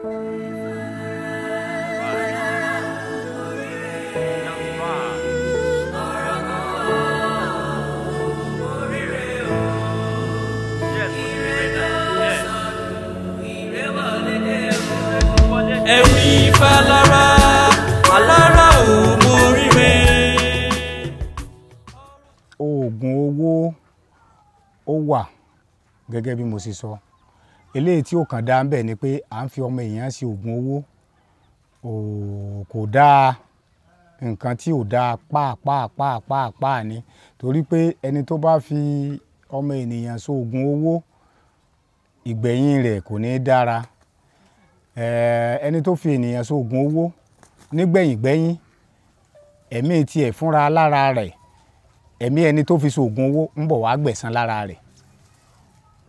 oògùn owó ó wà gẹ́gẹ́ bí mo ṣe sọ. So. eléyìí tí ó kàn dáa ń bẹ̀ ni pé à ń fi ọmọ èèyàn ṣe oògùn owó kò dáa nǹkan tí ò dáa pàápàápàápàá ni torí pé ẹni tó bá fi ọmọ ènìyàn ṣe oògùn owó ìgbẹ̀yìn rẹ̀ kò ní dára ẹni tó fi ènìyàn ṣe oògùn owó nígbẹ̀yìngbẹ̀yìn ẹ̀mí tiẹ̀ fúnra lára rẹ̀ ẹ̀mí ẹni tó fi ṣe oògùn owó ń bọ̀ wá lára rẹ̀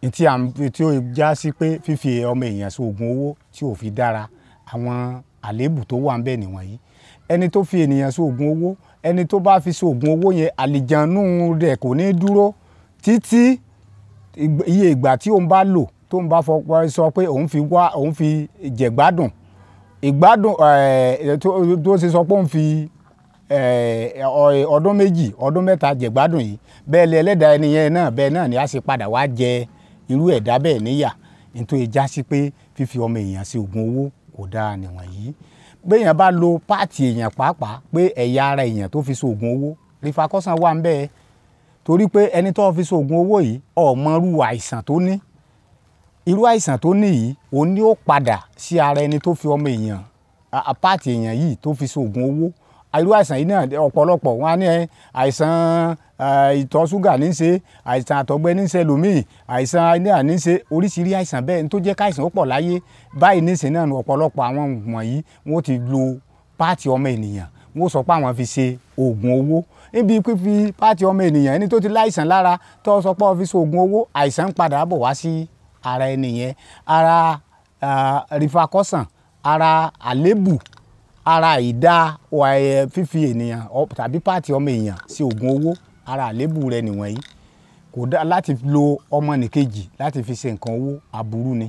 ntí à ń tí ó já sí pé fífi ọmọ èèyàn sí oògùn owó tí ò fi dára àwọn àléébù tó wà ń bẹ nìwọ̀nyí ẹni tó fi ènìyàn sí oògùn owó ẹni tó bá fi sí oògùn owó yẹn àlìjànú rẹ̀ kò ní dúró títí iye ìgbà tí òun bá lò tó ń bá fọpọ sọ pé òun fi wá òun fi jẹ̀gbádùn ìgbádùn tó ṣe sọ pé òun fi ọdún méjì ọdún mẹ́ta jẹ̀gbádùn yìí bẹ́ẹ̀ lẹ́lẹ́dàá ẹni yẹn náà bẹ́ẹ̀ náà ni a ṣe padà wá jẹ́ ẹ irú ẹ̀dá bẹ́ẹ̀ níyà nítorí já sí pé fífi ọmọ èèyàn sí oògùn owó kò dára nìwọ̀nyí pé èèyàn bá lo páàtì èèyàn pàápàá pé ẹ̀yà ara èèyàn tó fi ṣoògùn owó rìfakọ́sàn wà ń bẹ́ẹ̀ torí pé ẹni tó fi ṣoògùn owó yìí ọ̀mọ́rú àìsàn tó ní irú àìsàn tó ní yìí òun ni ó padà sí ara ẹni tó fi ọmọ èèyàn páàtì èèyàn yìí tó fi ṣoògùn owó irú àìsàn yìí náà ọ̀pọ̀lọpọ̀ wọn á ní àìsàn ìtọ̀ ṣúgà ní í ṣe àìsàn àtọ̀gbẹ ní í ṣe lòmíì àìsàn náà ní í ṣe oríṣiríṣi àìsàn bẹ́ẹ̀ tó jẹ́ káìsàn ó pọ̀ láyé báyìí ní ìsìn náà ọ̀pọ̀lọpọ̀ àwọn wọ̀nyí wọ́n ti lo páàtì ọmọ ènìyàn wọ́n sọ pé àwọn fi ṣe oògùn owó níbi fífi páàtì ọmọ ènìyàn ẹni tó ti láìsàn lára tó sọ pé wọ́n fi ṣe oògùn owó àìsàn ń padà bọ̀ wá sí ara ènìyàn ara rifakọ́sàn ara àlébù ara ìdá fífi ènìyàn tàbí páàtì ọmọ èèyàn sí oògùn owó ara àlébù rẹ nìwọ̀nyí kò dá láti lo ọmọnìkejì láti fi ṣe nǹkan owó aburú ni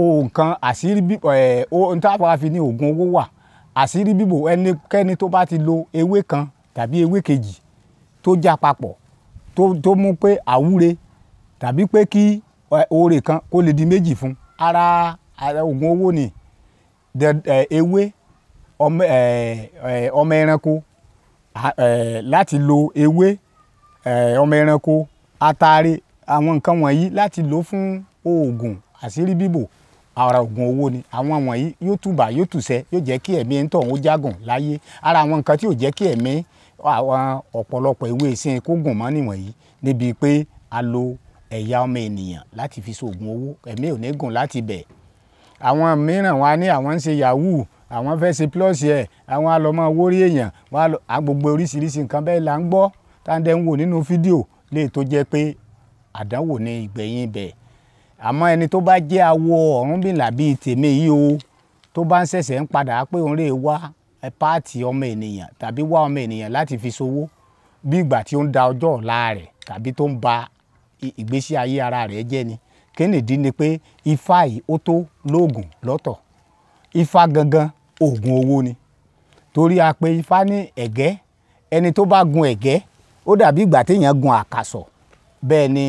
o nǹkan àṣírí bí ẹ ohun tá a fara fi ní oògùn owó wà àṣírí bíbò ẹnikẹ́ni tó bá ti lo ewé kan tàbí ewé kejì tó já papọ̀ tó tó mú pé àwúre tàbí pé kí oore kan kó lè di méjì fún ara oògùn owó ni ewé ọmọ ẹranko láti lo ewé Eh, ọmọ ẹranko atare àwọn nǹkan wọ̀nyí láti lò fún oògùn àṣírí bíbò ara oògùn owó ni àwọn wọ̀nyí yóò tùbà yóò tùṣẹ́ yóò jẹ́ kí ẹ̀mí ń tọ̀hún jágùn láyé ara àwọn nǹkan tí yóò jẹ́ kí ẹ̀mí àwọn ọ̀pọ̀lọpọ̀ ewé ìsìn kó gùn mọ́ nìwọ̀nyí níbi pé a lo ẹ̀yà ọmọ ènìyàn láti fi ṣoògùn owó ẹ̀mí ò ní gùn láti bẹ̀. àwọn mìíràn wa ní àwọn ń ṣe yahoo àwọn fẹ́ ṣe plus ẹ̀ àwọn alọ́mọ wórí èèyàn wọn á gbogbo oríṣiríṣi nǹkan bẹ́ẹ̀ là ń gbọ́ táǹdẹ̀ ń wò nínú fídíò lè tó jẹ́ pé àdánwò ní ìgbẹ̀yìn ibẹ̀ àmọ́ ẹni tó bá jẹ́ awọ Ọ̀rúnmìlà bíi tèmi yìí o tó bá ń ṣẹ̀ṣẹ̀ ń padà pé òun lè wá páàtì ọmọ ènìyàn tàbí wá ọmọ ènìyàn láti fi ṣòwò bí ìgbà tí ó ń da ọjọ́ ọ̀la rẹ̀ tàbí tó ń ba ìgbésí ayé ara rẹ̀ jẹ́ ni kí nìdí ni pé ifá yìí ó tó lóògùn lọ́tọ̀ ifá gangan oògùn owó ni torí a pé ifá ní ẹ̀gẹ́ ẹni tó bá gun ẹ̀gẹ́ ó dàbí ìgbà téèyàn gun àkàsọ̀ bẹ́ẹ̀ ni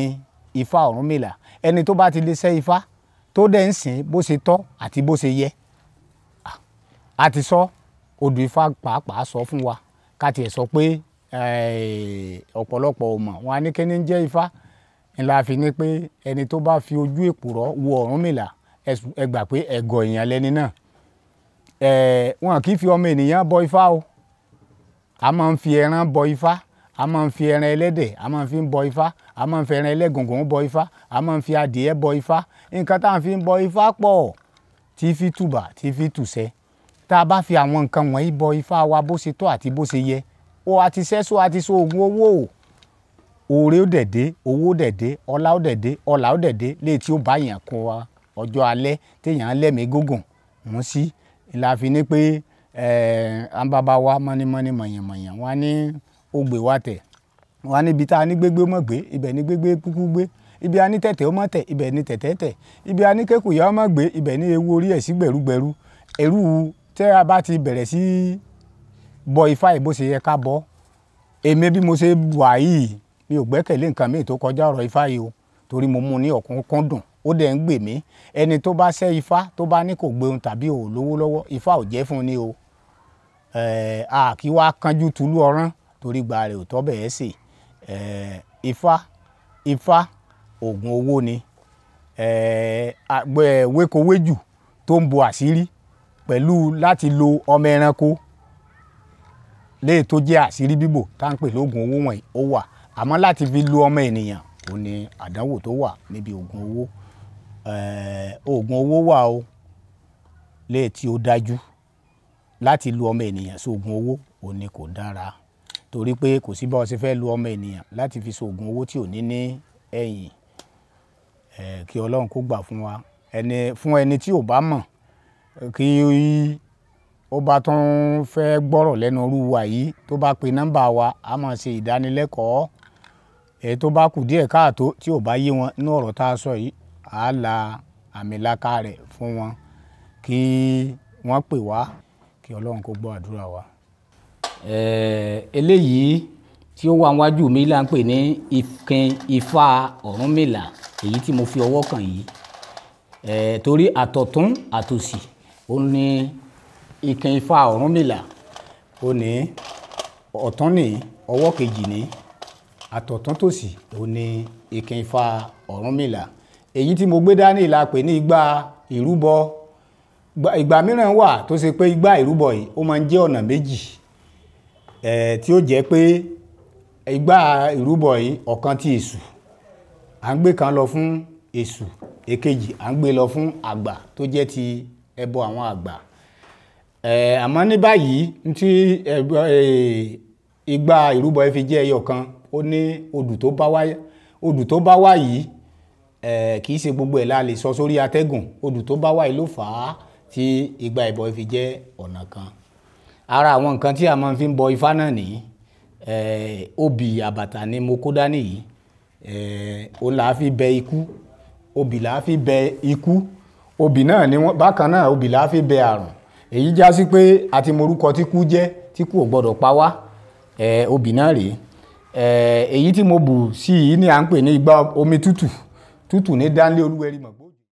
ifá Ọ̀rúnmìlà ẹni tó bá ti lè ṣe ifá tó dẹ̀ ń sìn bó ṣe tọ́ àti bó ṣe yẹ a ti sọ odù ifá pàápàá sọ fún wa ká tiẹ̀ sọ pé eh, ọ̀pọ̀lọpọ̀ ò mọ̀ wọn á ní kíní jẹ́ ifá ńlá fi ní pé ẹni tó bá fi ojú èpùrọ́ wo Ọ̀rúnmìlà ẹ gbà pé ẹ̀gọ̀ èèyàn lẹni náà eh, wọn kì í fi ọmọ ènìyàn bọ ifá o a máa ń fi ẹran bọ ifá a máa ń fi ẹran ẹlẹ́dẹ̀ a máa ń fi bọ ifá a máa ń fi ẹran ẹlẹ́gùngùn bọ ifá a máa ń fi adìẹ bọ ifá nǹkan tá à ń fi bọ ifá pọ̀ tí fi tùbà tí fi tùsẹ́ tá a bá fi àwọn nǹkan wọ̀nyí bọ ifá wa bó ṣe tọ́ àti bó ṣe yẹ ó àti sẹ́sọ àti so oògùn owó o òòrè ó dẹ̀dẹ̀ owó dẹ̀dẹ̀ ọlá ó dẹ̀dẹ̀ ọlà ó dẹ̀dẹ̀ léè tí ó bá yàn kún wa ọjọ́ alẹ́ téèyàn lẹ́mìí gógùn mú sí la fi ní pé ẹ̀ àǹbàbà wa mọ́nímọ́ní mọ̀yànmọ̀yàn wa ní ó gbé wá tẹ̀ wá níbi tá a ní gbégbé mọ̀ gbé ibẹ̀ ní gbégbé kúkú gbé ibi a ní tẹ̀tẹ̀ ó mọ̀ tẹ̀ ibẹ̀ ní tẹ̀tẹ̀ tẹ̀ ibi a ní kékùyà ó mọ̀ gbé ibẹ̀ ní ewu orí ẹ̀ sí gbẹ̀rúgbẹ̀rú ẹ̀rú tẹ́ a bá ti bẹ̀rẹ̀ sí bọ ifá yìí bó ṣe yẹ ká bọ́ èmi bí mo ṣe wà yìí mi ò gbẹ́kẹ̀lé nǹkan míì tó kọjá ọ̀rọ̀ ifá yìí o torí mo mú un ní ọ̀kúnkúndùn ó dẹ̀ ń gbè mí ẹni tó bá ṣẹ́ ifá tó bá ní kò gbéhun tàbí ò lówó lọ́wọ́ ifá ò jẹ́ fún ni o àkíwá kanjú tulú ọ̀rán torí gba rẹ̀ ò tọ́ bẹ́ẹ̀ sì ifá ifá oògùn owó ni wékowéjù tó ń bo àṣírí pẹ̀lú láti lo ọmọ ẹranko léè tó jẹ́ àṣírí bíbò tá ń pè lóògùn owó wọ̀nyí ó wà àmọ́ láti fi lo ọmọ ènìyàn ó ní àdánwò tó wà níbi oògùn owó oògùn owó wà o léè tí ó dájú láti lo ọmọ ènìyàn sóògùn owó ó ní kò dára torí pé kò sí bá ọ ṣe fẹ́ lu ọmọ ènìyàn láti fi ṣoògùn owó tí ò ní ní ẹ̀yìn kí ọlọ́run kó gbà fún wa ẹni fún ẹni tí ò bá mọ̀ kí ó bá tún fẹ́ gbọ́rọ̀ lẹ́nu irú wa yìí tó bá pe nọ́mbà wa a máa ṣe ìdánilẹ́kọ̀ọ́ èyí tó bá kù díẹ̀ káàtó tí ò bá yé wọn inú ọ̀rọ̀ tá a sọ yìí á la àmìlaka rẹ̀ fún wọn kí wọ́n pè wá kí ọlọ́run kó gbọ́ àdúrà wa. Eh, eléyìí tí ó wà wájú mi là ń pè ní ìkin ifá ọ̀rúnmìlà èyí tí mo fi ọwọ́ kàn yìí eh, torí àtọ̀tún àtòsì ó ní ìkin ifá ọ̀rúnmìlà ó ní ọ̀tún ní ọwọ́ kejì ní àtọ̀tún tòsì ó ní ìkin ifá ọ̀rúnmìlà èyí tí mo gbé dání la pè ní igbá ìrúbọ ìgbà mìíràn wà tó ṣe pé igbá ìrúbọ yìí ó máa ń jẹ́ ọ̀nà méjì ẹ̀ tí ó jẹ́ pé ìgbà ìrúbọ yìí ọ̀kan ti èṣù à ń gbé kan lọ fún èṣù èkejì à ń gbé lọ fún àgbà tó jẹ́ ti ẹbọ àwọn àgbà ẹ̀ àmọ́ ní báyìí tí ìgbà ìrúbọ yìí fi jẹ́ ẹyọ kan ó ní odù tó bá wá yìí kì í ṣe gbogbo ẹ̀ la lè sọ sórí atẹ́gùn odù tó bá wá yìí ló fà á tí ìgbà ìbọ yìí fi jẹ́ ọ̀nà kan. ara àwọn nǹkan tí a máa fi ń bọ ifá náà nìyí obì àbàtà ni mo kó dání yìí ó là á fi bẹ ikú obì là á fi bẹ ikú obì náà ni bákan náà obì là á fi bẹ àrùn èyí já sí pé àti morúkọ tí kú jẹ tí kú ò gbọdọ pa wá obì náà rèé èyí tí mo bù sí yìí ni à ń pè ní igbá omi tútù tútù ní dánlé olúwẹ̀rí mọ̀gbọ́.